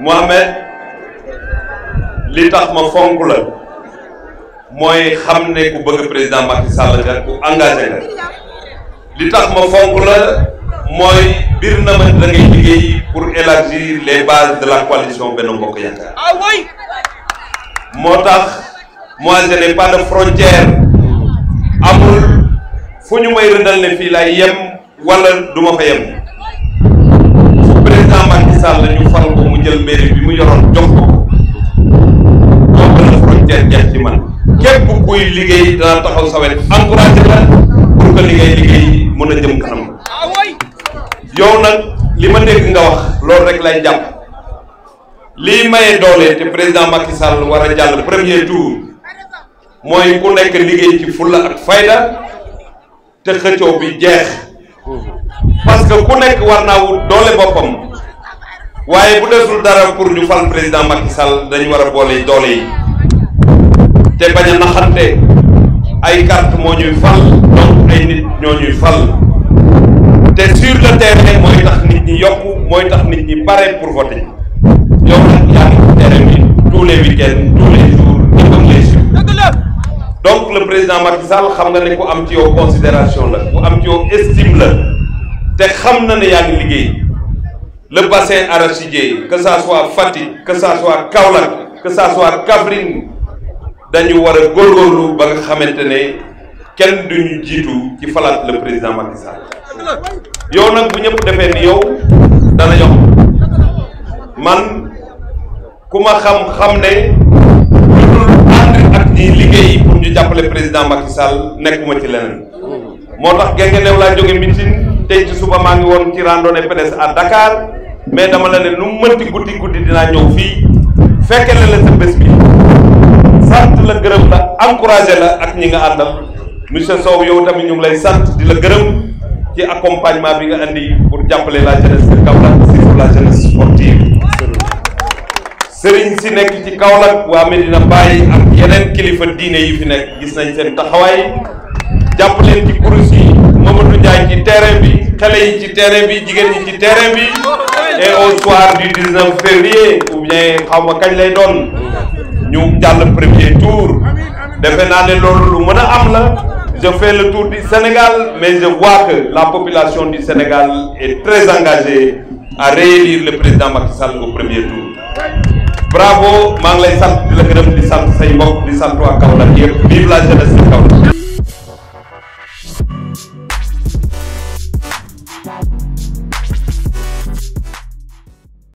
Mohamed li tax ma fonk la moy xamne ku bëgg président Macky Sall nga ku engagé nga li tax ma fonk la moy bir na ma da ngay liggéey pour élargir les bases de la coalition Benno yaaka ah way motax moi je n'ai pas de frontière amul fuñu may rendal ne fi lay yem wala duma fa yem président Macky Sall ñu fal ko mu jël mairie bi mu yoron jox ko jox ko jël jël ci man képp kuy liggéey da taxaw sa wet encouragé la pour que liggéey liggéey mëna jëm kanam yow nak lima nek nga wax lool rek lay jàpp li maye doole te président Macky Sall wara jall premier tour mooy ku nekk liggéey ci fulla ak fayda te xëccoo bi jeex parce que ku nekk war naa wut doole boppam waaye bu desul dara pour ñu fal président Macky Sall dañu war a boole doole yi te bañ a naxante ay carte moo ñuy fal donc ay nit ñoo ñuy fal te sur le terrain mooy tax nit ñi yokku mooy tax nit ñi pare pour voter yow nag yaa ngi terrain bi tous les week-ends tous les jours président Macky Sall xam nga ne ku am ci yow considération la ku am ci yow estime la te xam na ne yaa ngi liggéey le bassin arachidier que ça soit Fatick que ça soit Kaolack que ça soit Kaffrine dañu war a góorgóorlu ba nga xamante ne kenn duñu jiitu ci falaat le président Macky Sall yow nag bu ñëpp defee ni yow dana yomb man ku xam xam ne. jàppale président Macky Sall nekkuma ci leneen moo tax Guinguinéo laa jóge meeting tey ci suba maa ngi woon ci randonnée PDS à Dakar mais dama la ne nu mu mënti guddi guddi dinaa ñëw fii fekke la la sa bés bi sant la gërëm la encouragé la ak ñi nga àndal monsieur Sow yow tamit ñu ngi lay sant di la gërëm ci accompagnement bi nga andi pour jàppale la jeunesse de Kaolack surtout la jeunesse. sëriñ si nek ci kaolak wa Medina Baye ak yenen kilifa diine yi fi nekk gis nañ sen taxawaay japp len ci kurus Mamadou Ndiaye ci terrain bi xalé yi ci terrain bi jigen yi ci terrain bi et au soir du 19 février ou bien xaw ma kañ lay doon ñu jall premier tour defé na né loolu lu am la je fais le tour du Sénégal mais je vois que la population du Sénégal est très engagée à réélire le président Macky Sall au premier tour bravo maa ngi lay sant di la gërëm di sant say mbokk di sant waa Kaolack yëpp vive la jeunesse de Kaolack